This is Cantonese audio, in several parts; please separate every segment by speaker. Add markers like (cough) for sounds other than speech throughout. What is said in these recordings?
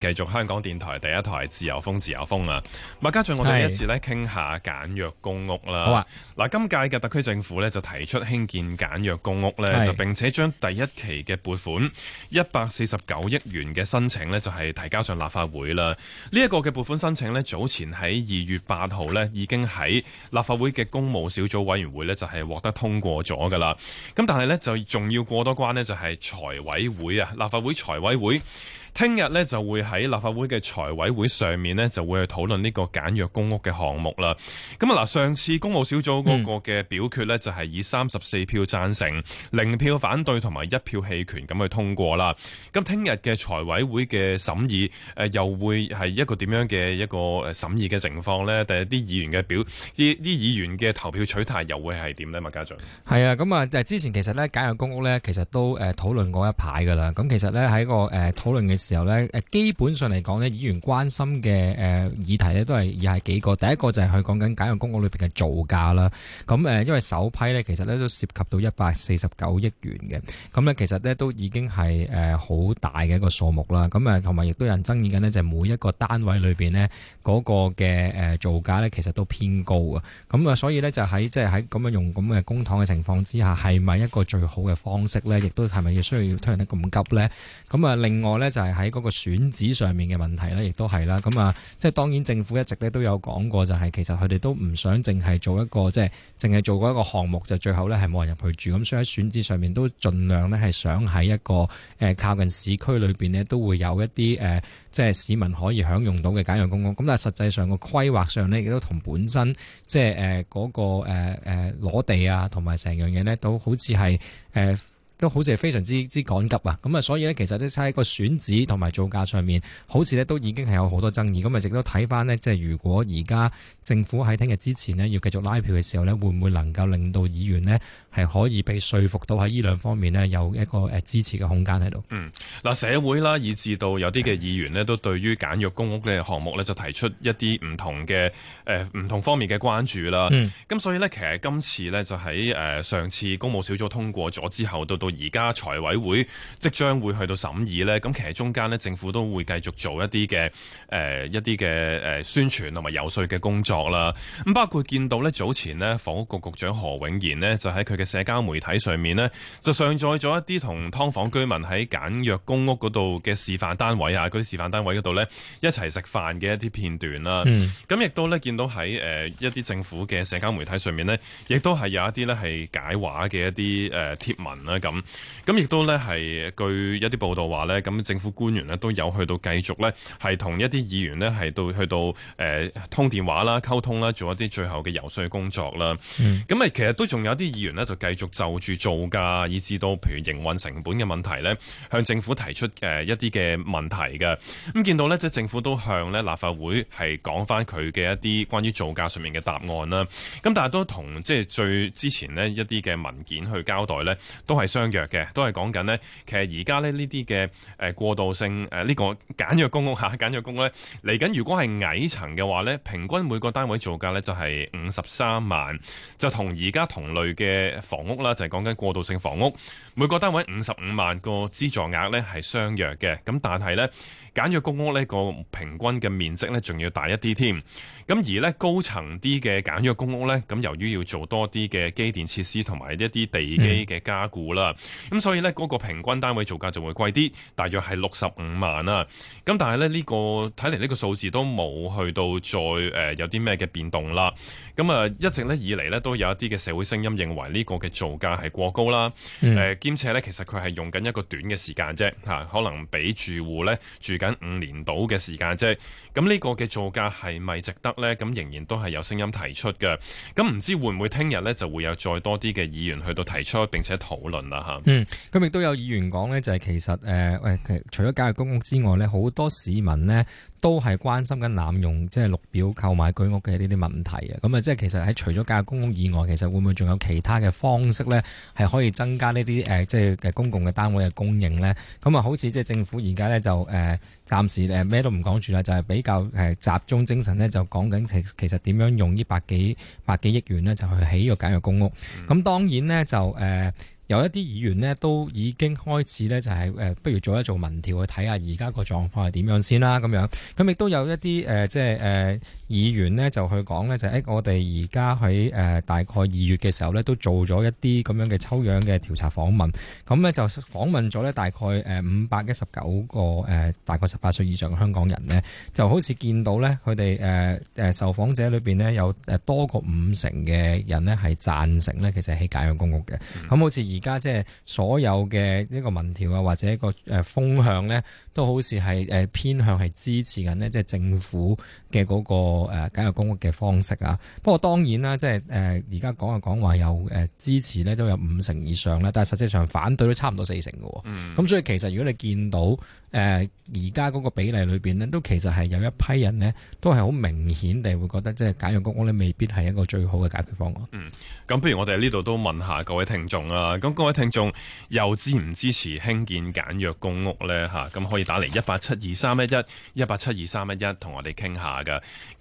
Speaker 1: 繼續香港電台第一台自由風、自由風啊！麥家俊，我哋一次咧傾下簡約公屋啦。好啊！嗱，今屆嘅特區政府咧就提出興建簡約公屋咧，就並且將第一期嘅撥款一百四十九億元嘅申請呢就係、是、提交上立法會啦。呢、這、一個嘅撥款申請呢，早前喺二月八號呢已經喺立法會嘅工務小組委員會呢就係、是、獲得通過咗噶啦。咁但係呢，就仲要過多關呢就係財委會啊，立法會財委會。聽日呢，就會喺立法會嘅財委會上面呢，就會去討論呢個簡約公屋嘅項目啦。咁啊嗱，上次公務小組嗰個嘅表決呢，就係以三十四票贊成、嗯、零票反對同埋一票棄權咁去通過啦。咁聽日嘅財委會嘅審議，誒又會係一個點樣嘅一個誒審議嘅情況呢？定係啲議員嘅表，啲啲議員嘅投票取態又會係點呢？麥家俊。
Speaker 2: 係啊，咁啊，就係之前其實呢，簡約公屋呢，其實都誒、呃、討論過一排㗎啦。咁其實呢，喺個誒、呃、討論嘅時候咧，誒，基本上嚟講咧，議員關心嘅誒議題咧，都係以下幾個。第一個就係佢講緊簡約公屋裏邊嘅造價啦。咁誒，因為首批咧，其實咧都涉及到一百四十九億元嘅。咁咧，其實咧都已經係誒好大嘅一個數目啦。咁啊同埋亦都有人爭議緊咧，就係每一個單位裏邊咧，嗰個嘅誒造價咧，其實都偏高啊。咁啊，所以咧就喺即係喺咁樣用咁嘅公帑嘅情況之下，係咪一個最好嘅方式咧？亦都係咪要需要推行得咁急咧？咁啊，另外咧就係、是。喺嗰個選址上面嘅問題咧，亦都係啦。咁啊，即係當然政府一直咧都有講過，就係其實，佢哋都唔想淨係做一個，即係淨係做過一個項目，就最後咧係冇人入去住。咁所以喺選址上面都盡量咧係想喺一個誒靠近市區裏邊咧，都會有一啲誒、呃，即係市民可以享用到嘅簡約公屋，咁但係實際上個規劃上咧，亦都同本身即係誒嗰個誒誒攞地啊，同埋成樣嘢咧，都好似係誒。呃都好似係非常之之趕急啊！咁啊，所以呢，其實都差一個選址同埋造價上面，好似呢都已經係有好多爭議。咁啊，亦都睇翻呢，即係如果而家政府喺聽日之前呢，要繼續拉票嘅時候呢，會唔會能夠令到議員呢，係可以被說服到喺呢兩方面呢，有一個誒支持嘅空間喺度。嗯，
Speaker 1: 嗱社會啦，以至到有啲嘅議員呢，都對於簡約公屋嘅項目呢，就提出一啲唔同嘅誒唔同方面嘅關注啦。咁、嗯、所以呢，其實今次呢，就喺誒、呃、上次公務小組通過咗之後，到到而家財委會即將會去到審議呢。咁其實中間呢，政府都會繼續做一啲嘅誒一啲嘅誒宣傳同埋遊說嘅工作啦。咁包括見到呢，早前呢，房屋局局長何永賢呢，就喺佢嘅社交媒體上面咧，就上載咗一啲同劏房居民喺簡約公屋嗰度嘅示範單位啊，嗰啲示範單位嗰度咧一齊食飯嘅一啲片段啦。咁亦都咧見到喺誒一啲政府嘅社交媒體上面咧，亦都係有一啲咧係解話嘅一啲誒貼文啦。咁咁亦都咧係據一啲報道話咧，咁政府官員咧都有去到繼續咧係同一啲議員咧係到去到誒通電話啦、溝通啦，做一啲最後嘅遊說工作啦。咁、嗯、啊，其實都仲有啲議員咧。就繼續就住造價，以至到譬如營運成本嘅問題呢，向政府提出誒一啲嘅問題嘅。咁見到呢，即係政府都向咧立法會係講翻佢嘅一啲關於造價上面嘅答案啦。咁但係都同即係最之前呢一啲嘅文件去交代呢，都係相若嘅，都係講緊呢，其實而家咧呢啲嘅誒過渡性誒呢個簡約公屋嚇簡約公屋呢，嚟緊如果係矮層嘅話呢，平均每個單位造價呢就係五十三萬，就同而家同類嘅。房屋啦，就係講緊過渡性房屋，每個單位五十五萬個資助額咧係相約嘅，咁但係咧簡約公屋咧個平均嘅面積咧仲要大一啲添，咁而咧高層啲嘅簡約公屋咧，咁由於要做多啲嘅機電設施同埋一啲地基嘅加固啦，咁、嗯、所以咧嗰個平均單位造價就會貴啲，大約係六十五萬啦，咁但係咧呢個睇嚟呢個數字都冇去到再誒有啲咩嘅變動啦，咁啊一直咧以嚟咧都有一啲嘅社會聲音認為呢、這個。這個嘅造價係過高啦，誒、呃，兼且咧，其實佢係用緊一個短嘅時間啫，吓、啊，可能俾住戶咧住緊五年到嘅時間啫。咁、啊、呢、這個嘅造價係咪值得呢？咁、啊、仍然都係有聲音提出嘅。咁、啊、唔知道會唔會聽日呢，就會有再多啲嘅議員去到提出並且討論啦，吓、啊。嗯，
Speaker 2: 咁亦都有議員講呢，就係、是、其實誒誒、呃，除咗簡約公屋之外呢，好多市民呢都係關心緊濫用即係綠表購買居屋嘅呢啲問題啊。咁啊，即係其實喺除咗簡約公屋以外，其實會唔會仲有其他嘅？方式咧係可以增加呢啲即係嘅公共嘅單位嘅供應咧。咁啊，好似即係政府而家咧就誒、呃，暫時咩都唔講住啦，就係、係、比較、呃、集中精神咧，就講緊其其實點樣用呢百幾百幾億元咧，就去起個簡約公屋。咁當然呢，就誒、呃，有一啲議員呢，都已經開始咧，就係、係呃、不如做一做民調去睇下而家個狀況係點樣先啦。咁樣咁亦都有一啲誒，即係誒。即係呃議員呢，就去講呢，就誒、欸、我哋而家喺大概二月嘅時候呢，都做咗一啲咁樣嘅抽樣嘅調查訪問，咁呢，就訪問咗呢大概五百一十九個、呃、大概十八歲以上嘅香港人呢，就好似見到呢，佢哋、呃、受訪者裏面呢，有多過五成嘅人呢係贊成呢，其實喺簡約公屋嘅，咁、嗯、好似而家即係所有嘅呢個民調啊或者一個誒風向呢，都好似係偏向係支持緊呢，即、就、係、是、政府嘅嗰、那個。誒，簡約公屋嘅方式啊，不過當然啦，即係誒，而家講啊講話有誒支持咧，都有五成以上啦，但係實際上反對都差唔多四成
Speaker 3: 嘅。咁、
Speaker 2: 嗯、所以其實如果你見到誒而家嗰個比例裏邊呢，都其實係有一批人呢，都係好明顯地會覺得，即係簡約公屋呢未必係一個最好嘅解決方案。
Speaker 1: 咁、嗯、不如我哋喺呢度都問下各位聽眾啊，咁各位聽眾又支唔支持興建簡約公屋呢？吓，咁可以打嚟一八七二三一一，一八七二三一一，同我哋傾下噶，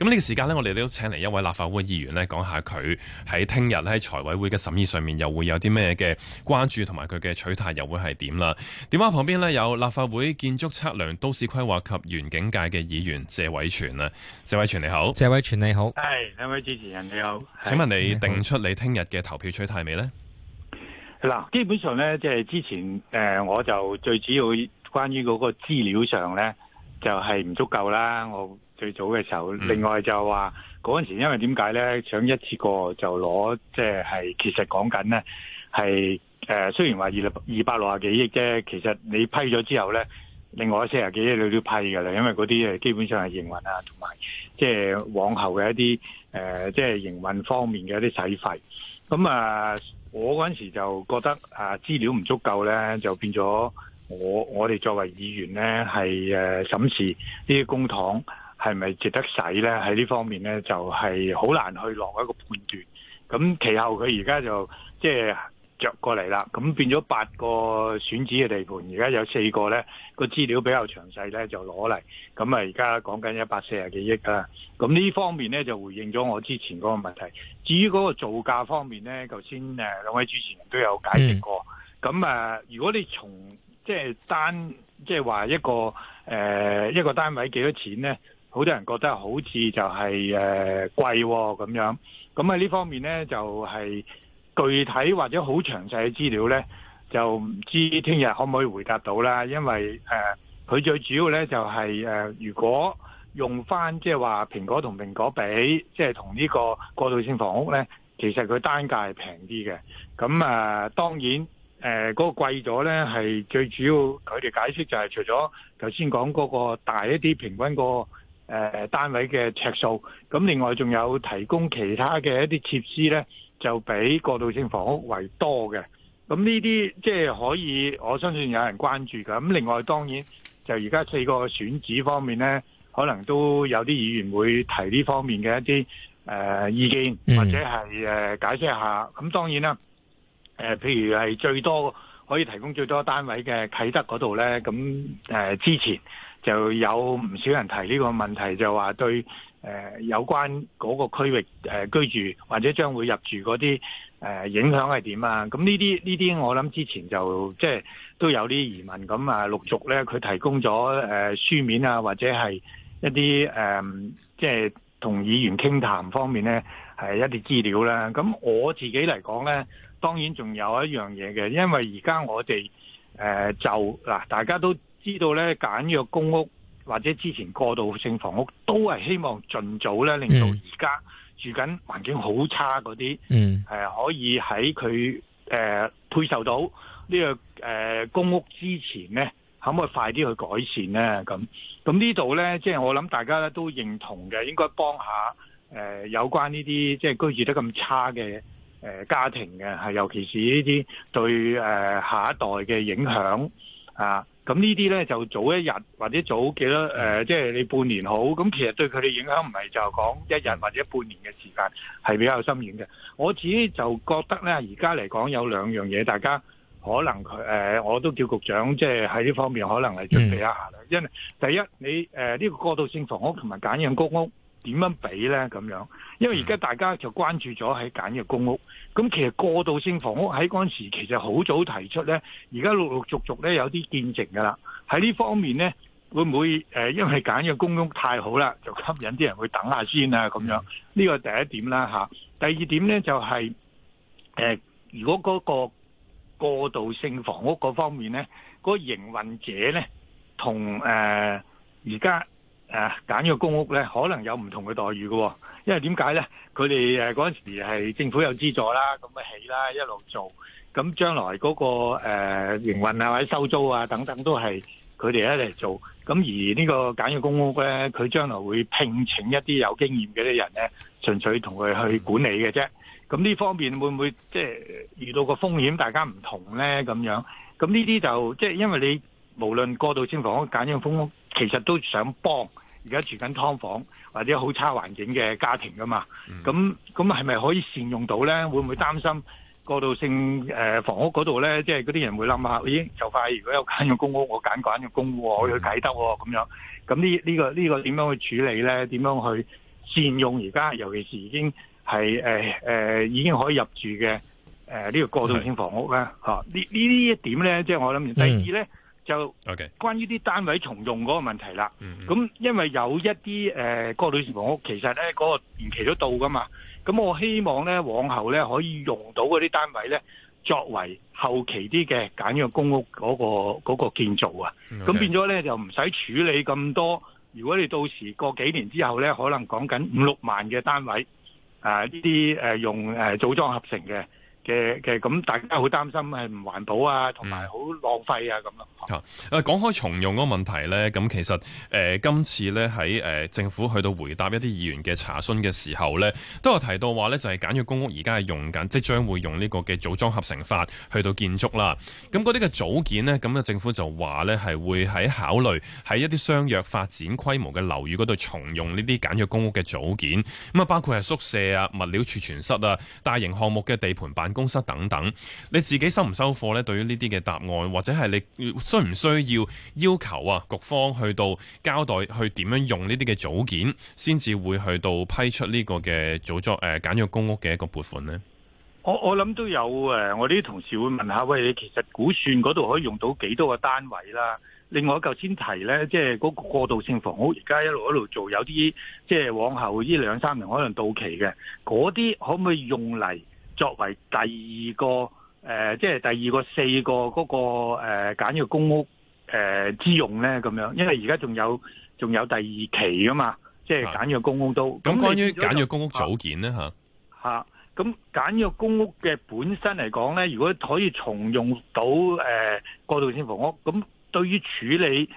Speaker 1: 呢個時間呢，我哋都請嚟一位立法會議員呢講下佢喺聽日喺財委會嘅審議上面又會有啲咩嘅關注，同埋佢嘅取態又會係點啦？電話旁邊呢，有立法會建築測量都市規劃及園境界嘅議員謝偉銓啊，謝偉銓你好，謝偉銓你好，
Speaker 4: 係兩位主持人你好，請問你定
Speaker 1: 出你聽日嘅投票取態未呢？
Speaker 4: 嗱，基本上呢，即係之前誒，我就最主要關於嗰個資料上呢，就係唔足夠啦，我。最早嘅時候，另外就話嗰陣時，因為點解咧，想一次過就攞，即係其實講緊咧，係誒雖然話二六二百六十幾億啫，其實你批咗之後咧，另外四十幾億你都批㗎喇，因為嗰啲誒基本上係營運啊，同埋即係往後嘅一啲誒即係營運方面嘅一啲使費。咁啊，我嗰陣時就覺得啊資料唔足夠咧，就變咗我我哋作為議員咧，係誒審視呢啲公帑。係咪值得使咧？喺呢方面咧，就係、是、好難去落一個判斷。咁其後佢而家就即係着過嚟啦。咁變咗八個選址嘅地盤，而家有四個咧個資料比較詳細咧，就攞嚟。咁啊，而家講緊一百四十幾億啊。咁呢方面咧就回應咗我之前嗰個問題。至於嗰個造價方面咧，頭先誒兩位主持人都有解釋過。咁、嗯、啊，如果你從即係單即係話一個誒、呃、一個單位幾多錢咧？好多人覺得好似就係誒貴咁樣，咁喺呢方面呢，就係具體或者好詳細嘅資料呢，就唔知聽日可唔可以回答到啦。因為誒，佢最主要呢，就係誒，如果用翻即係話蘋果同蘋果比，即係同呢個過渡性房屋呢，其實佢單價係平啲嘅。咁啊，當然誒嗰個貴咗呢，係最主要佢哋解釋就係除咗頭先講嗰個大一啲平均個。誒、呃，單位嘅尺數，咁另外仲有提供其他嘅一啲設施呢，就比過渡性房屋為多嘅。咁呢啲即係可以，我相信有人關注㗎。咁另外，當然就而家四個選址方面呢，可能都有啲議員會提呢方面嘅一啲誒、呃、意見，或者係誒、呃、解釋下。咁當然啦、呃，譬如係最多可以提供最多單位嘅啟德嗰度呢，咁、呃、誒之前。就有唔少人提呢個問題，就話對誒有關嗰個區域誒居住或者將會入住嗰啲誒影響係點啊？咁呢啲呢啲我諗之前就即係、就是、都有啲疑問，咁啊陸續咧佢提供咗誒書面啊，或者係一啲誒即係同議員傾談方面咧係一啲資料啦。咁我自己嚟講咧，當然仲有一樣嘢嘅，因為而家我哋誒就嗱大家都。知道咧簡約公屋或者之前過渡性房屋都係希望盡早咧令到而家住緊環境好差嗰啲，誒、mm. 呃、可以喺佢誒配售到呢、呢個誒、呃、公屋之前咧，可唔可以快啲去改善咧？咁咁呢度咧，即係我諗大家咧都認同嘅，應該幫下誒、呃、有關呢啲即係居住得咁差嘅、呃、家庭嘅，係尤其是呢啲對誒、呃、下一代嘅影響、mm. 啊。咁呢啲咧就早一日或者早幾多誒，即、呃、係、就是、你半年好，咁其實對佢哋影響唔係就講一日或者半年嘅時間，係比較深遠嘅。我自己就覺得咧，而家嚟講有兩樣嘢，大家可能誒、呃，我都叫局長即係喺呢方面可能係準備一下啦、嗯。因為第一，你誒呢、呃這個過渡性房屋同埋簡約公屋。點樣畀呢？咁樣？因為而家大家就關注咗喺簡約公屋，咁其實過渡性房屋喺嗰陣時其實好早提出呢，而家陸陸續續呢，有啲建成噶啦。喺呢方面呢，會唔會、呃、因為簡約公屋太好啦，就吸引啲人去等下先啊咁樣？呢、嗯、個第一點啦，第二點呢，就係、是呃、如果嗰個過渡性房屋嗰方面呢，嗰、那個、營運者呢，同誒而家。呃誒簡約公屋咧，可能有唔同嘅待遇嘅，因為點解咧？佢哋誒嗰陣時係政府有資助啦，咁咪起啦，一路做，咁將來嗰個誒營運啊或者收租啊等等都係佢哋一嚟做，咁而呢個簡約公屋咧，佢將來會聘請一啲有經驗嘅啲人咧，純粹同佢去管理嘅啫。咁呢方面會唔會即係遇到個風險，大家唔同咧咁樣？咁呢啲就即係因為你無論過渡性房屋、簡約公屋，其實都想幫，而家住緊劏房或者好差環境嘅家庭㗎嘛，咁咁係咪可以善用到咧？會唔會擔心過渡性誒、呃、房屋嗰度咧？即係嗰啲人會諗下，咦？就快如果有間用公屋，我揀個用公屋，我去解得喎咁樣。咁呢呢個呢、呢個點、呢個、樣去處理咧？點樣去善用而家，尤其是已經係誒、呃、已經可以入住嘅誒呢個過渡性房屋咧？呢呢、啊、一點咧，即、就、係、是、我諗。第二咧。嗯就、okay. 關於啲單位重用嗰個問題啦，咁、mm -hmm. 因為有一啲誒、呃嗰個女士房屋其實呢嗰、嗰個延期都到噶嘛，咁我希望呢，往後呢可以用到嗰啲單位呢作為後期啲嘅簡約公屋嗰、嗰個嗰、嗰個、建造啊，咁、mm、變咗呢就唔使處理咁多，如果你到時過幾年之後呢，可能講緊五六萬嘅單位啊呢啲誒用誒、呃、組裝合成嘅。嘅嘅咁，大家好擔心係唔環保啊，同埋好
Speaker 1: 浪費啊咁樣吓誒講開重用嗰個問題咧，咁其實誒、呃、今次咧喺誒政府去到回答一啲議員嘅查詢嘅時候咧，都有提到話咧，就係簡約公屋而家係用緊即將會用呢個嘅組裝合成法去到建築啦。咁嗰啲嘅組件咧，咁啊政府就話咧係會喺考慮喺一啲相約發展規模嘅樓宇嗰度重用呢啲簡約公屋嘅組件，咁啊包括係宿舍啊、物料儲存室啊、大型項目嘅地盤辦公公室等等，你自己收唔收貨咧？對於呢啲嘅答案，或者係你需唔需要要求啊，局方去到交代，去點樣用呢啲嘅組件，先至會去到批出呢個嘅組作誒簡約公屋嘅一個撥款咧？
Speaker 4: 我我諗都有誒，我啲同事會問下喂，你其實估算嗰度可以用到幾多個單位啦？另外一舊先提咧，即係個過渡性房屋，而家一路一路做有啲，即係往後呢兩三年可能到期嘅，嗰啲可唔可以用嚟？作為第二個誒、呃，即係第二個四個嗰、嗰個誒、呃、簡約公屋誒、呃、之用咧，咁樣，因為而家仲有仲有第二
Speaker 1: 期啊嘛，即係簡約公屋都。咁、啊、關於簡約公屋組件咧
Speaker 4: 嚇，咁簡約公屋嘅本身嚟講咧，如果可以重用到誒、呃、過渡性房屋，咁對於處理。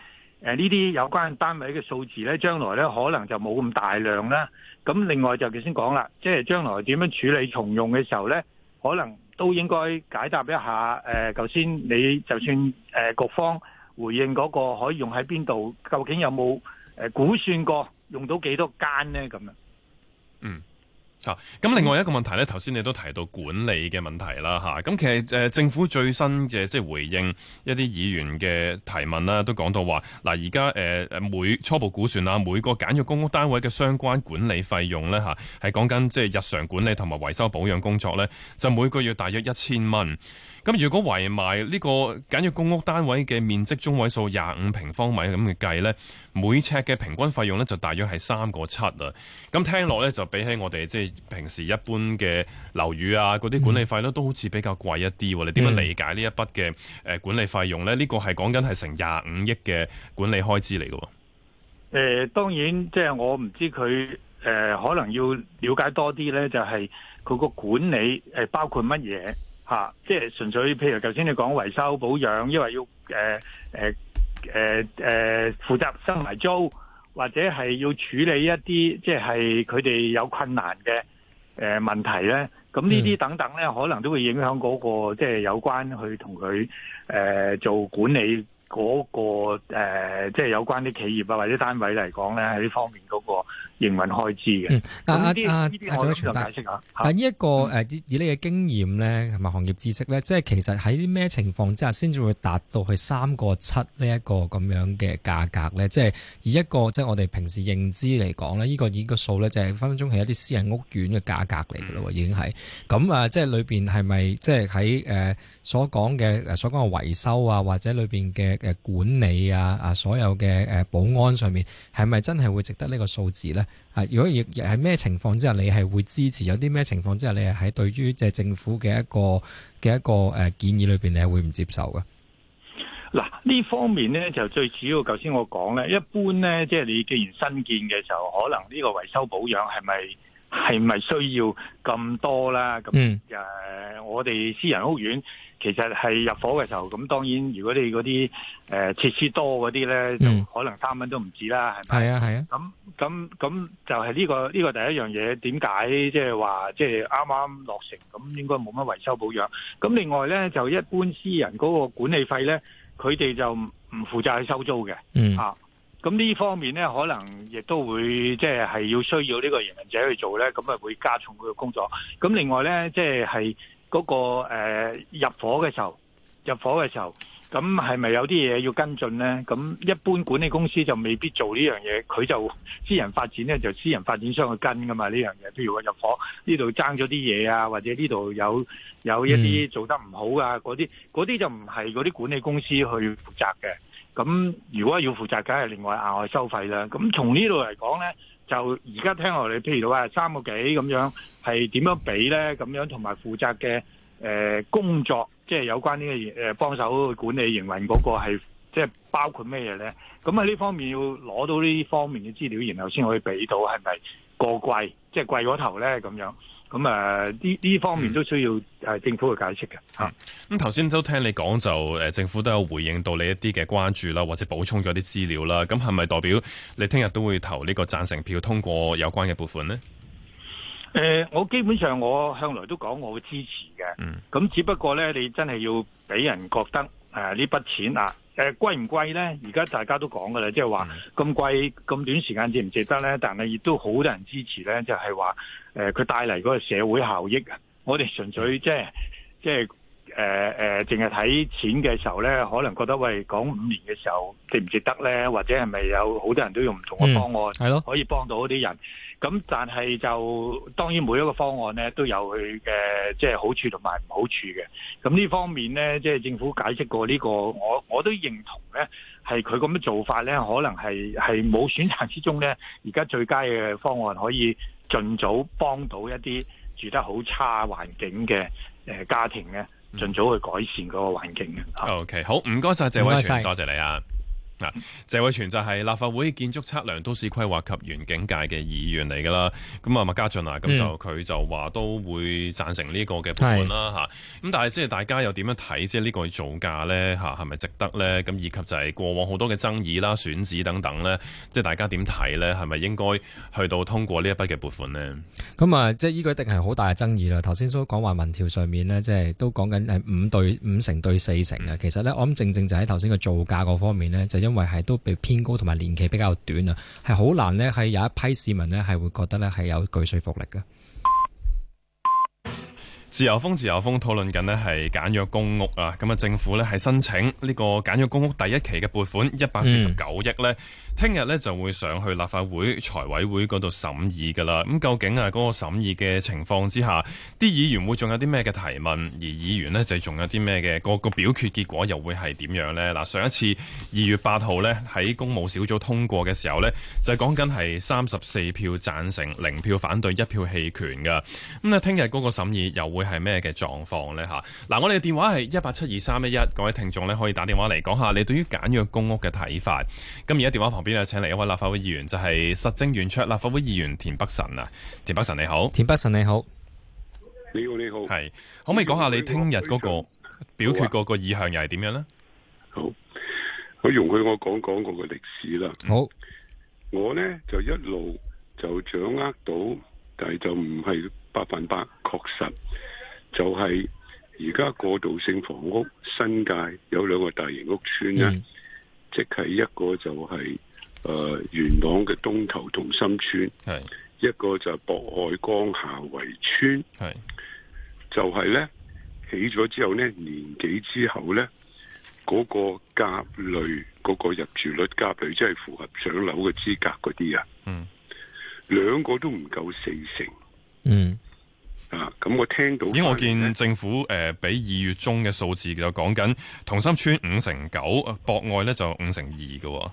Speaker 4: 誒，呢啲有關嘅單位嘅數字呢，將來呢可能就冇咁大量啦。咁另外就先講啦，即係將來點樣處理重用嘅時候呢，可能都應該解答一下。誒、呃，頭先你就算誒、呃、局方回應嗰個可以用喺邊度，究竟有冇、呃、估算過用到幾多間呢？咁嗯。
Speaker 1: 咁另外一個問題呢，頭先你都提到管理嘅問題啦，咁其實政府最新嘅即係回應一啲議員嘅提問啦，都講到話嗱，而家每初步估算啦，每個簡約公屋單位嘅相關管理費用呢，係講緊即係日常管理同埋維修保養工作呢，就每個月大約一千蚊。咁如果圍埋呢個簡約公屋單位嘅面積中位數廿五平方米咁嘅計呢，每尺嘅平均費用呢，就大約係三個七啊！咁聽落呢，就比起我哋即係。平時一般嘅樓宇啊，嗰啲管理費咧都好似比較貴一啲，嗯，你點樣理解呢一筆嘅誒管理費用咧？呢、這個係講緊係成廿五億嘅管理開支嚟嘅。
Speaker 4: 誒，當然即係、就是、我唔知佢誒、呃，可能要了解多啲咧、啊，就係佢個管理誒包括乜嘢吓？即係純粹，譬如頭先你講維修保養，因為要誒誒誒誒負責收埋租。或者係要處理一啲即係佢哋有困難嘅誒問題咧，咁呢啲等等咧，可能都會影響嗰個即係有關去同佢誒做管理嗰個誒即係有關啲企業啊或者單位嚟講咧喺呢方面都。營
Speaker 3: 運開支嘅，嗯啊啊啊就解釋下。但
Speaker 2: 係呢一個誒，啊，以你嘅經驗咧，同埋行業知識咧，即係其實喺啲咩情況之下先至會達到去三個七呢一個咁樣嘅價格咧？即係以一個即係我哋平時認知嚟講咧，呢個呢個數咧就係分分鐘係一啲私人屋苑嘅價格嚟嘅咯，已經係。咁啊，即係裏邊係咪即係喺誒所講嘅所講嘅維修啊，或者裏邊嘅誒管理啊啊所有嘅誒保安上面係咪真係會值得呢個數字咧？啊！如果亦係咩情況之下，你係會支持？有啲咩情況之下，你係喺對於即係政府嘅一個嘅一個誒、呃、建議裏邊，你係會唔接受㗎？
Speaker 4: 嗱，呢方面咧就最主要，頭先我講咧，一般咧即係你既然新建嘅時候，可能呢個維修保養係咪係咪需要咁多啦？咁、嗯、誒、呃，我哋私人屋苑。其實係入伙嘅時候，咁當然，如果你嗰啲誒設施多嗰啲咧，就可能三蚊都唔止啦，係咪？係啊，係啊。咁咁咁就係呢個呢個第一樣嘢。點解即係話即係啱啱落成，咁應該冇乜維修保養。咁另外咧，就一般私人嗰個管理費咧，佢哋就唔負責去收租嘅。嗯。啊，咁呢方面咧，可能亦都會即係係要需要呢個營運者去做咧，咁啊會加重佢嘅工作。咁另外咧，即係。嗰個、呃、入伙嘅時候，入伙嘅時候，咁係咪有啲嘢要跟進呢？咁一般管理公司就未必做呢樣嘢，佢就私人發展呢就私人發展商去跟噶嘛呢樣嘢。譬如話入伙，呢度爭咗啲嘢啊，或者呢度有有一啲做得唔好啊，嗰啲嗰啲就唔係嗰啲管理公司去負責嘅。咁如果要負責，梗係另外額外收費啦。咁從呢度嚟講呢。就而家聽落嚟，譬如話三個幾咁樣，係點樣俾咧？咁樣同埋負責嘅誒、呃、工作，即、就、係、是、有關呢個誒幫手管理營運嗰個係，即、就、係、是、包括咩嘢咧？咁喺呢方面要攞到呢方面嘅資料，然後先可以俾到係咪過貴，即係貴咗頭咧？咁樣。咁誒，呢呢方面都需要誒政府嘅解釋嘅嚇。
Speaker 1: 咁頭先都聽你講，就誒政府都有回應到你一啲嘅關注啦，或者補充咗啲資料啦。咁係咪代表你聽日都會投呢個贊成票通過有關嘅撥款呢？
Speaker 4: 誒、呃，我基本上我向來都講我會支持嘅。咁、嗯、只不過咧，你真係要俾人覺得誒呢筆錢啊！誒，貴唔貴咧？而家大家都講噶啦，即係話咁貴咁短時間值唔值得咧？但係亦都好多人支持咧，就係話誒，佢帶嚟嗰個社會效益啊！我哋純粹即係即係。就是誒、呃、誒，淨係睇錢嘅時候咧，可能覺得喂，講五年嘅時候值唔值得咧？或者係咪有好多人都用唔
Speaker 3: 同嘅方案，係咯，
Speaker 4: 可以幫到嗰啲人？咁但係就當然每一個方案咧都有佢嘅、呃、即係好處同埋唔好處嘅。咁呢方面咧，即係政府解釋過呢、這個，我我都認同咧，係佢咁嘅做法咧，可能係係冇選擇之中咧，而家最佳嘅方案可以盡早幫到一啲住得好
Speaker 1: 差環境嘅誒、呃、家庭嘅。盡早去改善嗰個環境嘅。OK，好，唔該晒，謝偉銓，多謝你啊。謝謝你啊，謝偉銓就係立法會建築測量、都市規劃及園境界嘅議員嚟噶啦，咁啊麥家俊啊，咁就佢，嗯，就話都會贊成呢個嘅撥款啦吓，咁但係即係大家又點樣睇即係呢個造價咧吓，係咪值得咧？咁以及就係過往好多嘅爭議啦、選址等等咧，即、就、係、是、大家點睇咧？係咪應該去到通過呢一筆嘅撥款呢？
Speaker 2: 咁，嗯，啊，即係呢個一定係好大嘅爭議啦。頭先都講話民調上面咧，即、就、係、是、都講緊係五對五成對四成啊。其實咧，我諗正正就喺頭先嘅造價嗰方面咧，就是，因因為係都被偏高，同埋年期比較短啊，係好難咧，係有一批市民咧係會覺得咧係有據說服力嘅。
Speaker 1: 自由風自由風討論緊咧係簡約公屋啊，咁啊政府咧係申請呢個簡約公屋第一期嘅撥款一百四十九億咧。嗯聽日呢，就會上去立法會財委會嗰度審議噶啦，咁究竟啊嗰個審議嘅情況之下，啲議員會仲有啲咩嘅提問，而議員呢，就係仲有啲咩嘅，個個表決結果又會係點樣呢？嗱，上一次二月八號呢，喺公務小組通過嘅時候呢，就係講緊係三十四票贊成，零票反對，一票棄權噶。咁呢，聽日嗰個審議又會係咩嘅狀況呢？吓，嗱，我哋嘅電話係一八七二三一一，各位聽眾呢，可以打電話嚟講下你對於簡約公屋嘅睇法。咁而家電話邊啊，請嚟一位立法會議員，就係實政圓桌立法會議員田北辰啊，田北辰你好，田北辰你好，你好你好，係可唔可以講下你聽日嗰個表決嗰個意向又係點樣咧，啊？好，容
Speaker 5: 許我容許我講講我嘅歷史啦。好，我呢就一路就掌握到，但係就唔係百分百確實，就係而家過渡性房屋新界有兩個大型屋村咧，嗯，即係一個就係、是。誒、呃，元朗嘅東頭同心村，係一個就係博愛江夏圍村，係就係、是、咧起咗之後咧年幾之後咧，嗰、那個甲類嗰、那個入住率甲類即係符合上樓嘅資格嗰啲啊，嗯，兩個都唔夠四成，
Speaker 1: 嗯啊，咁我聽到，咦，我見政府誒，俾、呃、二月中嘅數字就講緊同心村五成九、哦，博愛咧就五成二㗎。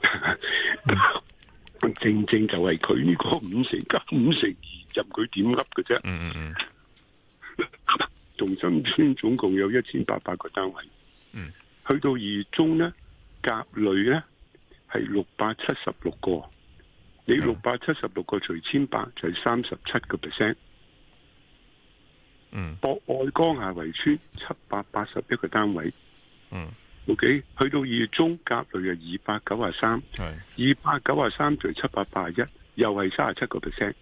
Speaker 1: (laughs) 正正就係佢呢個五成加五成二入佢點笠嘅啫。嗯
Speaker 5: 嗯嗯。同心村總共有一千八百個單位。Mm -hmm. 去到二中呢，甲類呢，係六百七十六個，
Speaker 2: 你六
Speaker 5: 百七十六個除千八就係三十七個 percent。博愛、mm -hmm. 江夏圍村七百八十一個單位。嗯、mm -hmm.。O.K. 去到二月中，甲類嘅二百九啊三，二百九啊三除七百八十一，又係三十七個 percent。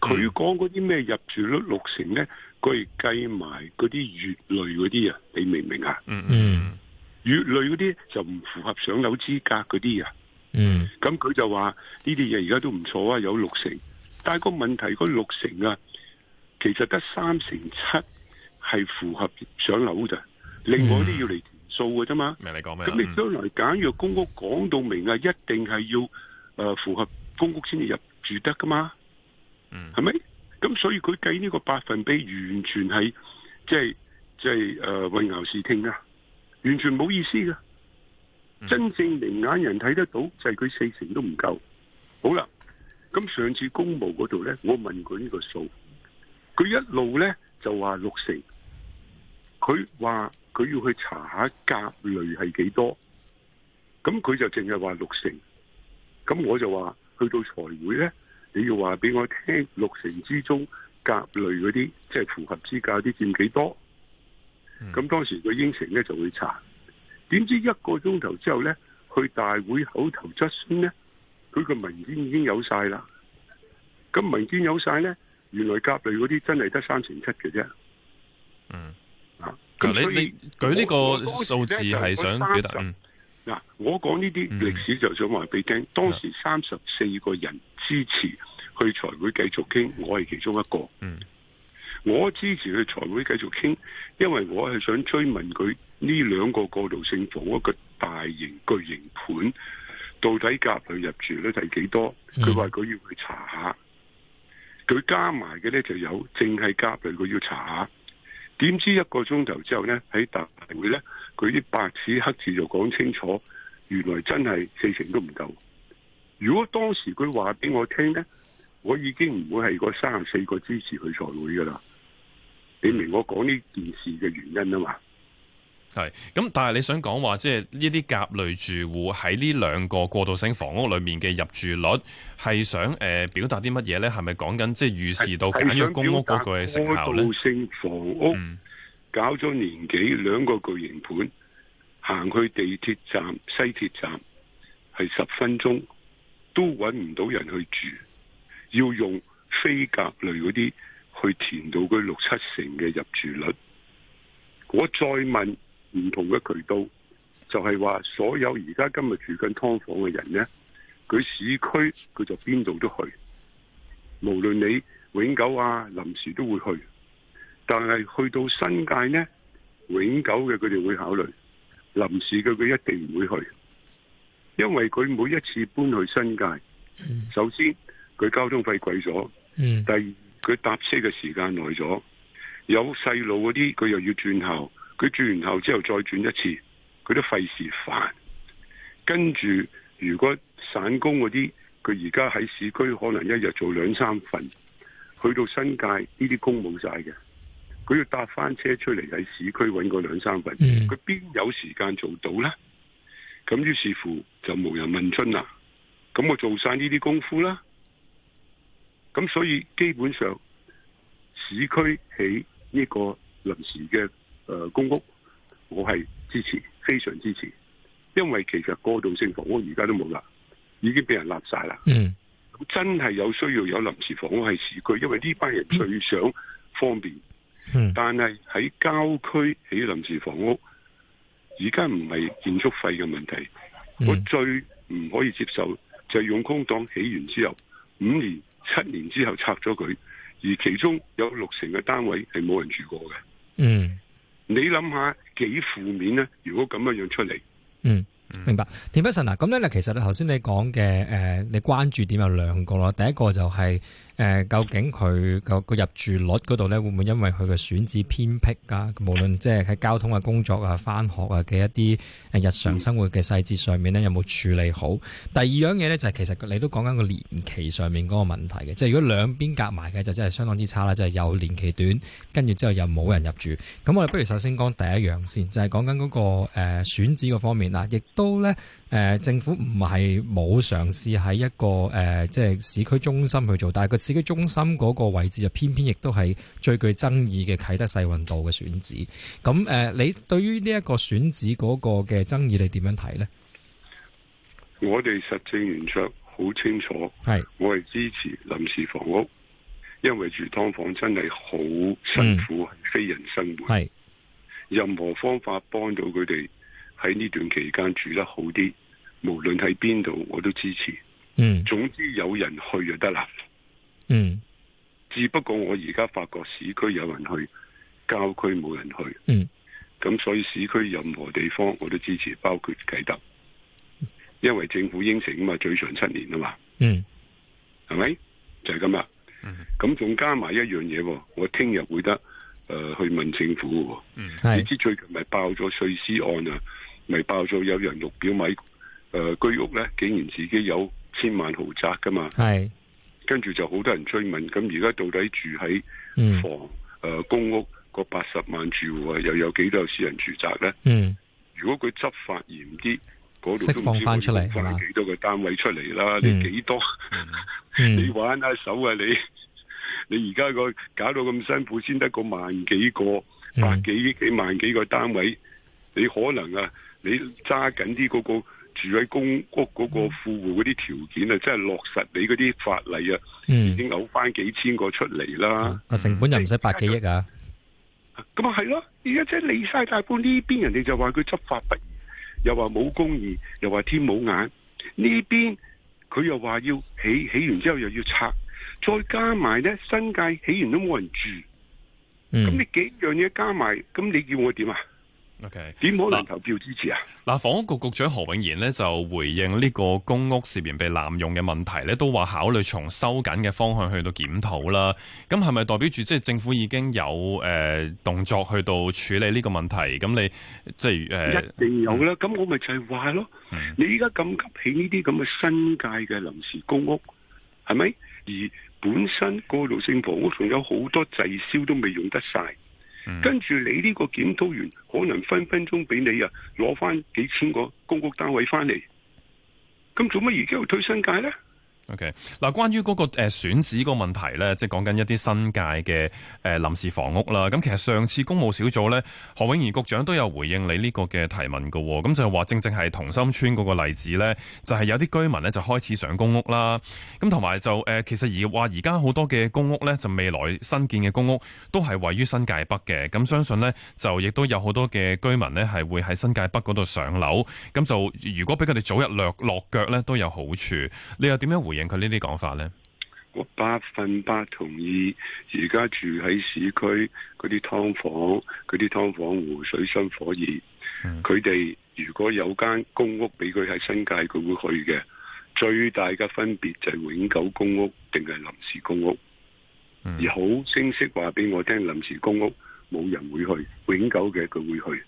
Speaker 5: 佢講嗰啲咩入住率六成咧，佢計埋嗰啲月類嗰啲啊，你明唔明啊？嗯嗯，月類嗰啲就唔符合上樓資格嗰啲啊。嗯，咁佢就話呢啲嘢，而家都唔錯啊，有六成。但係個問題，嗰六成啊，其實得三成七係符合上樓咋。另外啲要嚟。數嘅啫嘛，咁你將來簡約公屋講到明啊，一定係要誒、呃、符合公屋先至入住得噶嘛，係、嗯、咪？咁所以佢計呢個百分比完全係即係即係誒混淆視聽啊，完全冇意思噶、嗯。真正明眼人睇得到，就係佢四成都唔夠。好啦，咁上次公務嗰度咧，我問佢呢個數，佢一路咧就話六成，佢話。佢要去查下甲類係幾多，咁佢就淨係話六成，咁我就話去到財會咧，你要話俾我聽六成之中甲類嗰啲，即係符合資格啲佔幾多？咁當時佢應承咧就會查，點知一個鐘頭之後咧，去大會口頭質詢咧，佢個文件已經有晒啦，咁文件有晒咧，原來甲類嗰啲真係得三成七嘅啫，嗯。佢呢、就是、30, 舉呢個數字係想表
Speaker 3: 達，
Speaker 5: 嗱、嗯，我講呢啲歷史就想話俾你聽。當時三十四個人支持去財會繼續傾，我係其中一個。嗯，我支持去財會繼續傾，因為我係想追問佢呢兩個過渡性房屋一個大型巨型盤到底甲類入住咧係幾多？佢話佢要去查下，佢加埋嘅咧就有，淨係甲類佢要查下。點知一個鐘頭之後咧，喺大會咧，佢啲白紙黑字就講清楚，原來真係四成都唔夠。如果當時佢話俾我聽咧，我已經唔會係嗰三十四個支持佢財會噶啦。你明我講呢件事嘅原因吖嘛？
Speaker 1: 係，咁但係你想講話，即係呢啲甲類住戶喺呢兩個過渡性房屋裏面嘅入住率是，係想誒表達啲乜嘢咧？係咪講緊即係預示到簡約公屋嗰個成效咧？過
Speaker 5: 渡性房屋、嗯、搞咗年幾，兩個巨型盤行去地鐵站、西鐵站係十分鐘，都搵唔到人去住，要用非甲類嗰啲去填到佢六七成嘅入住率。我再問。唔同嘅渠道，就係、是、話所有而家今日住緊劏房嘅人呢，佢市區佢就邊度都去，無論你永久啊臨時都會去，但係去到新界呢，永久嘅佢哋會考慮，臨時嘅佢一定唔會去，因為佢每一次搬去新界，首先佢交通費貴咗，第二佢搭車嘅時間耐咗，有細路嗰啲佢又要轉校。佢轉完後之後再轉一次，佢都費事煩。跟住如果散工嗰啲，佢而家喺市區可能一日做兩三份，去到新界呢啲工冇晒嘅，佢要搭翻車出嚟喺市區揾個兩三份，佢邊有時間做到呢？咁於是乎就無人問津啦。咁我做晒呢啲功夫啦。咁所以基本上市區喺呢個臨時嘅。誒、呃，公屋我係支持，非常支持，因為其實過渡性房屋而家都冇啦，已經俾人立晒啦。嗯，真係有需要有臨時房屋係市區，因為呢班人最想方便。嗯、但係喺郊區起臨時房屋，而家唔係建築費嘅問題，嗯、我最唔可以接受就係用空檔起完之後，五年七年之後拆咗佢，而其中有六成嘅單位係冇人住過嘅。嗯。你諗下幾負面咧？如果咁樣樣出嚟，
Speaker 2: 嗯，明白。田北辰嗱，咁咧，其實才你頭先你講嘅，誒，你關注點有兩個咯，第一個就係、是。誒，究竟佢個入住率嗰度呢，會唔會因為佢嘅選址偏僻啊？無論即係喺交通啊、工作啊、翻學啊嘅一啲日常生活嘅細節上面呢，有冇處理好？第二樣嘢呢，就係其實你都講緊個年期上面嗰個問題嘅，即係如果兩邊夾埋嘅，就真係相當之差啦，即係又年期短，跟住之後又冇人入住。咁我哋不如首先講第一樣先，就係講緊嗰個誒選址嗰方面啦，亦都呢。誒、呃，政府唔係冇嘗試喺一個誒、呃，即係市區中心去做，但係個市區中心嗰個位置就偏偏亦都係最具爭議嘅啟德世運道嘅選址。咁誒、呃，你對於呢一個選址嗰個嘅爭議，你點樣睇呢？
Speaker 5: 我哋實政圓桌好清楚，係我係支持臨時房屋，因為住劏房真係好辛苦，嗯，非人生活。係任何方法幫到佢哋。喺呢段期間住得好啲，無論喺邊度我都支持。嗯，總之有人去就得啦。嗯，只不過我而家發覺市區有人去，郊區冇人去。
Speaker 3: 嗯，
Speaker 5: 咁所以市區任何地方我都支持，包括啟德。因為政府應承啊嘛，最長七年啊嘛。嗯，係咪？就係咁呀。嗯，咁仲加埋一樣嘢，我聽日會得誒、呃、去問政府喎。嗯，你知最近咪爆咗碎屍案啊？咪爆咗有人綠表買誒、呃、居屋咧，竟然自己有千萬豪宅噶嘛？係，跟住就好多人追問，咁而家到底住喺房誒、嗯呃、公屋個八十萬住戶啊，又有幾多私人住宅咧？
Speaker 2: 嗯，
Speaker 5: 如果佢執法嚴啲，嗰、嗯、度都唔知放出
Speaker 2: 會翻幾
Speaker 5: 多個單位出嚟啦？你幾多？
Speaker 3: 你，
Speaker 5: 多、嗯、 (laughs) 你玩一、啊、手啊！你 (laughs) 你而家個搞到咁辛苦，先得個萬幾個、嗯、百幾億幾萬幾個單位，嗯、你可能啊？你揸緊啲嗰個住喺公屋嗰個富戶嗰啲條件啊，即係落實你嗰啲法例啊，已經扭翻幾千個出嚟啦，
Speaker 2: 嗯。成本又唔使百幾億
Speaker 5: 啊？咁啊係咯，而家即係利曬大半呢邊，人哋就話佢執法不嚴又話冇公義，又話天冇眼。呢邊佢又話要起，起完之後又要拆，再加埋咧新界起完都冇人住。
Speaker 1: 咁你
Speaker 5: 幾樣嘢加埋，咁你叫我點啊？點可能投票支持
Speaker 1: 啊？嗱，房屋局局長何永賢呢，就回應呢個公屋涉嫌被濫用嘅問題咧，都話考慮從收緊嘅方向去到檢討啦。咁係咪代表住即係政府已經有誒、呃、動作去到處理呢個問題？咁你即係誒、
Speaker 3: 呃、一定
Speaker 5: 有啦。咁、嗯、我咪就係話咯，你依家咁急起呢啲咁嘅新界嘅臨時公屋，係咪？而本身過渡性房屋仲有好多滯銷都未用得晒。 (noise) 跟住你呢個檢討員，可能分分鐘俾你啊，攞翻幾千個公屋單位翻嚟，咁做乜而家要推新界咧？
Speaker 1: OK，嗱，關於嗰個誒選址個問題咧，即係講緊一啲新界嘅誒臨時房屋啦。咁其實上次公務小組咧，何永儀局長都有回應你呢個嘅提問嘅，咁就係話正正係同心村嗰個例子咧，就係有啲居民咧就開始上公屋啦。咁同埋就誒其實而話而家好多嘅公屋咧，就未來新建嘅公屋都係位於新界北嘅。咁相信咧就亦都有好多嘅居民咧係會喺新界北度上樓，咁就如果俾佢哋早日落落腳咧，都有好處，你又點樣回應？引佢呢啲講法呢？
Speaker 5: 我百分百同意。而家住喺市區嗰啲劏房，嗰啲劏房戶水深火熱。佢、嗯、哋如果有間公屋俾佢喺新界，佢會去嘅。最大嘅分別就係永久公屋定係臨時公屋。嗯、而好清晰話俾我聽，臨時公屋冇人會去，永久嘅佢會去。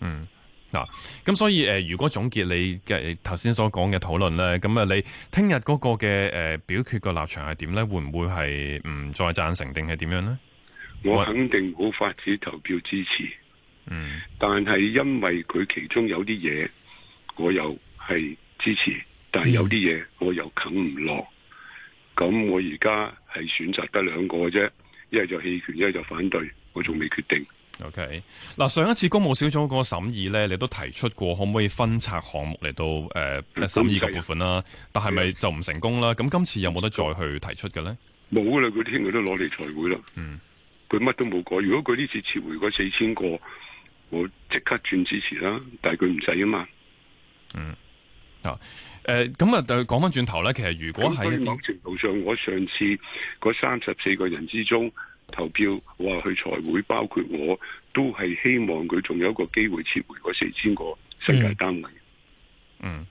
Speaker 5: 嗯。
Speaker 1: 嗱、啊，咁所以誒、呃，如果總結你嘅頭先所講嘅討論咧，咁啊，你聽日嗰個嘅誒表決個立場係點咧？會唔會係唔再贊成定係點樣咧？
Speaker 5: 我肯定冇法子投票支持，嗯，但係因為佢其中有啲嘢，我又係支持，但係有啲嘢我又啃唔落，咁、嗯、我而家係選擇得兩個啫，一係就棄權，一係就反對，我仲未決定。OK，
Speaker 1: 嗱上一次公務小組嗰個審議咧，你都提出過可唔可以分拆項目嚟到誒、呃、審議及撥款啦，但係咪就唔成功啦？咁今、啊、次有冇得再去提出嘅咧？
Speaker 5: 冇啦，佢聽佢都攞嚟財會啦，嗯，佢乜都冇改。如果佢呢次撤回嗰四千個，我即刻轉支持啦，但係佢唔使啊嘛，嗯啊
Speaker 1: 咁啊，講翻轉頭咧，其實如果喺某程
Speaker 5: 度上，我上次嗰三十四個人之中。投票，我話去財會包括我都係希望佢仲有一個機會撤回嗰四千
Speaker 1: 個新界單位。嗯，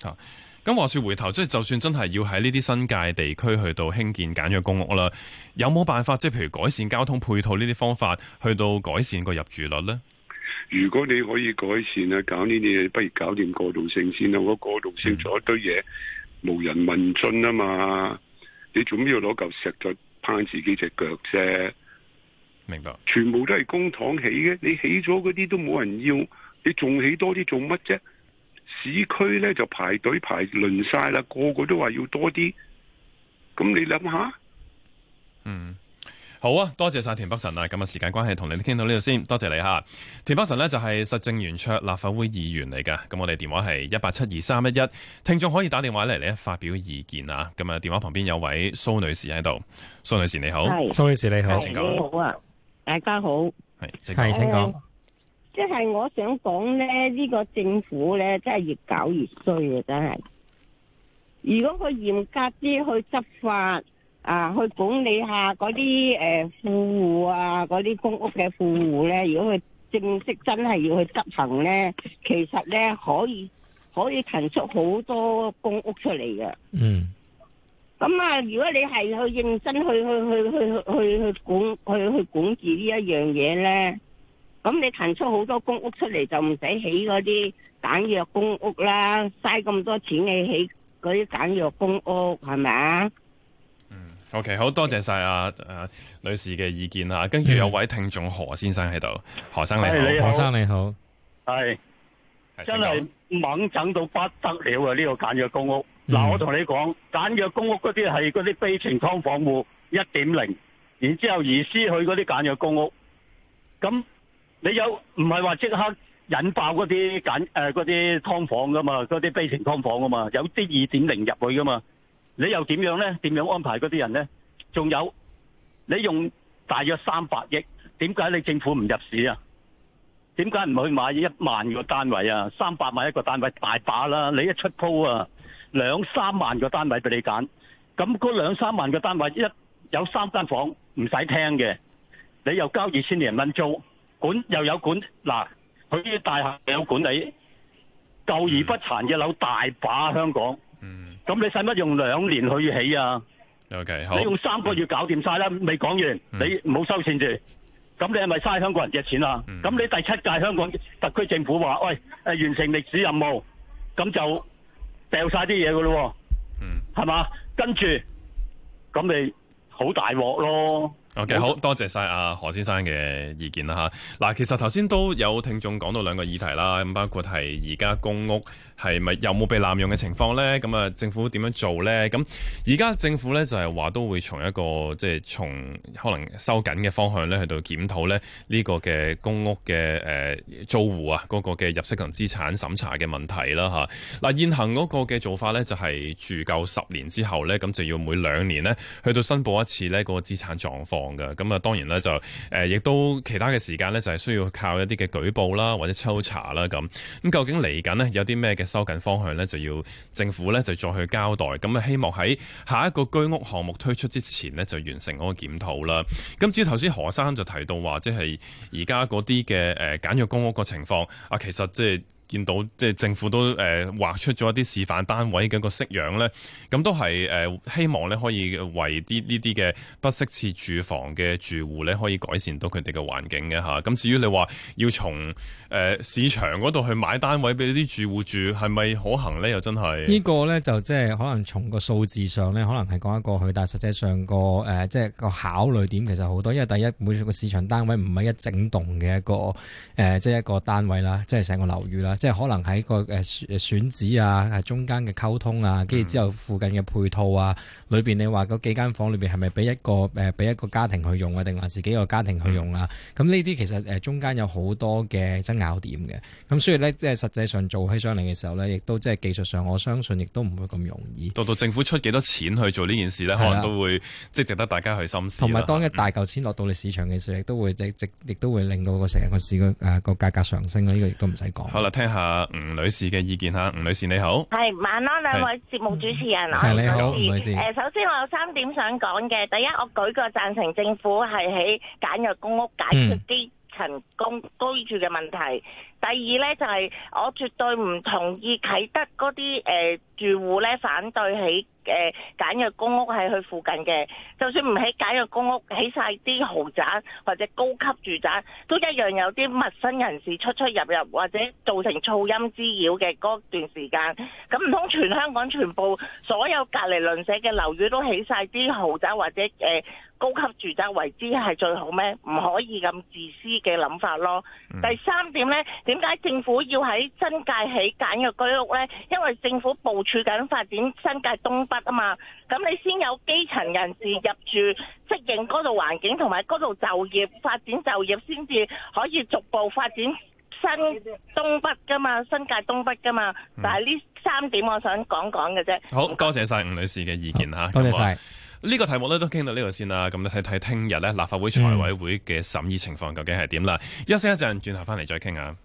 Speaker 1: 吓、嗯，咁、啊、話說回頭，即係就算真係要喺呢啲新界地區去到興建簡約公屋啦，有冇辦法即係譬如改善交通配套呢啲方法，去到改善個入住率呢？
Speaker 5: 如果你可以改善啊，搞呢啲嘢，不如搞掂過渡性先啦。我過渡性做一堆嘢，嗯，無人問津啊嘛，你做咩要攞嚿石撐自己隻腳啫，明白？全部都係公帑起嘅，你起咗嗰啲都冇人要，你仲起多啲做乜啫？市區呢就排隊排輪曬啦，個個都話要多啲，咁你諗下，嗯？
Speaker 1: 好啊，多謝晒田北辰啊！咁啊，時間關係同你哋傾到呢度先，多謝你吓。田北辰呢就係實政圓桌立法會議員嚟噶，咁我哋電話係一八七二三一一，聽眾可以打電話嚟呢發表意見啊！咁啊，電話旁邊有位蘇女士喺度，蘇女士你好，蘇女士你好,你好，請講。好啊，大家好，係請講。
Speaker 3: 即
Speaker 6: 係、呃就是、我想講咧，呢、這個政府咧，真係越搞越衰啊！真係，如果佢嚴格啲去執法。啊！去管理下嗰啲誒富戶啊，嗰啲公屋嘅富戶咧，如果佢正式真係要去執行咧，其實咧，可以可以騰出好多公屋出嚟嘅。
Speaker 3: 嗯。
Speaker 6: 咁啊，如果你係去認真去去去去去去管去去管治呢一樣嘢咧，咁你騰出好多公屋出嚟就唔使起嗰啲簡約公屋啦，嘥咁多錢去起嗰啲簡約公屋，係咪啊？
Speaker 1: OK，好多謝晒啊阿女士嘅意見啊，跟住有位聽眾何先生喺度，何先生你好，何、hey, 生你好，係、hey. hey.
Speaker 7: 真係猛整到不得了啊！呢、這個簡約公屋，嗱、嗯啊、我同你講，簡約公屋嗰啲係嗰啲悲情劏房戶一點零，0，然之後移師去嗰啲簡約公屋，咁你有唔係話即刻引爆嗰啲簡誒嗰啲劏房噶嘛？嗰啲悲情劏房噶嘛？有啲二點零入去噶嘛？你又點樣呢？點樣安排嗰啲人呢？仲有你用大約三百億，點解你政府唔入市啊？點解唔去買一萬個單位啊？三百萬一個單位大把啦！你一出鋪啊，兩三萬個單位俾你揀。咁嗰兩三萬個單位一有三間房唔使聽嘅，你又交二千零蚊租，管又有管嗱，佢啲大廈有管理，舊而不殘嘅樓大把香港。嗯，咁你使乜用兩年去起啊
Speaker 1: ？OK，好，你用
Speaker 7: 三個月搞掂晒啦，未講完，你唔好收線住，咁、嗯、你係咪嘥香港人嘅錢啊？咁、嗯、你第七屆香港特區政府話，喂，誒、呃，完成歷史任務，咁就掉晒啲嘢噶咯，係、嗯、嘛？跟住，咁咪好大鑊咯。
Speaker 1: OK，好多謝曬阿何先生嘅意見啦嚇。嗱，其實頭先都有聽眾講到兩個議題啦，咁包括係而家公屋係咪有冇被濫用嘅情況咧？咁啊，政府點樣做咧？咁而家政府咧就係話都會從一個即係從可能收緊嘅方向咧去到檢討咧呢個嘅公屋嘅誒租戶啊嗰個嘅入息同資產審查嘅問題啦嚇。嗱，現行嗰個嘅做法咧就係住夠十年之後咧，咁就要每兩年咧去到申報一次咧嗰個資產狀況。望嘅，咁啊，當然啦，就誒，亦都其他嘅時間呢，就係需要靠一啲嘅舉報啦，或者抽查啦咁。咁究竟嚟緊呢，有啲咩嘅收緊方向呢？就要政府呢，就再去交代。咁啊，希望喺下一個居屋項目推出之前呢，就完成嗰個檢討啦。咁至於頭先何生就提到話，即係而家嗰啲嘅誒簡約公屋個情況，啊，其實即係。見到即係政府都誒畫出咗一啲示範單位嘅一個式樣咧，咁都係誒希望咧可以為啲呢啲嘅不適切住房嘅住戶咧可以改善到佢哋嘅環境嘅嚇。咁至於你話要從誒市場嗰度去買單位俾啲住戶住，係咪可行咧？又真係、這
Speaker 2: 個、呢個咧就即係可能從個數字上咧，可能係講得過去，但係實際上個誒即係個考慮點其實好多，因為第一每一個市場單位唔係一整棟嘅一個誒，即、呃、係、就是、一個單位啦，即係成個樓宇啦。即係可能喺個誒選址啊，中間嘅溝通啊，跟住之後附近嘅配套啊，裏、嗯、邊你話嗰幾間房裏邊係咪俾一個誒俾、呃、一個家庭去用啊，定係自己個家庭去用啊？咁呢啲其實誒中間有好多嘅爭拗點嘅，咁所以咧即係實際上做起上嚟嘅時候咧，亦都即係技術上我相信亦都唔會咁容
Speaker 1: 易。到到政府出幾多錢去做呢件事咧，可能都會即係值得大家去深思。同埋當
Speaker 2: 一大嚿錢落到你市場嘅時候，亦、嗯、都會即亦都會令到個成個市嘅誒個價格上升咯，呢、這個亦都唔使講。
Speaker 1: 下吳女士嘅意見吓，吳女士你好，
Speaker 6: 係晚安兩位節目主持人，係你好，吳女士。誒，首先我有三點想講嘅，第一，我舉個讚成政府係喺簡約公屋解決基層公居住嘅問題。第二咧就係我絕對唔同意啟德嗰啲誒住戶咧反對起誒簡約公屋喺佢附近嘅，就算唔起簡約公屋，起曬啲豪宅或者高級住宅，都一樣有啲陌生人士出出入入或者造成噪音滋擾嘅嗰段時間。咁唔通全香港全部所有隔離鄰舍嘅樓宇都起曬啲豪宅或者誒高級住宅為之係最好咩？唔可以咁自私嘅諗法咯。第三點咧。點解政府要喺新界起簡約居屋呢？因為政府部署緊發展新界東北啊嘛，咁你先有基層人士入住，適應嗰度環境，同埋嗰度就業發展就業，先至可以逐步發展新東北噶嘛，新界東北噶嘛。但係呢三點，我想講講嘅啫。
Speaker 1: 好，多謝晒吳女士嘅意見吓，多謝晒。呢個題目呢都傾到呢度先啦，咁你睇睇聽日呢立法會財委會嘅審議情況究竟係點啦。休息一陣，轉頭翻嚟再傾下。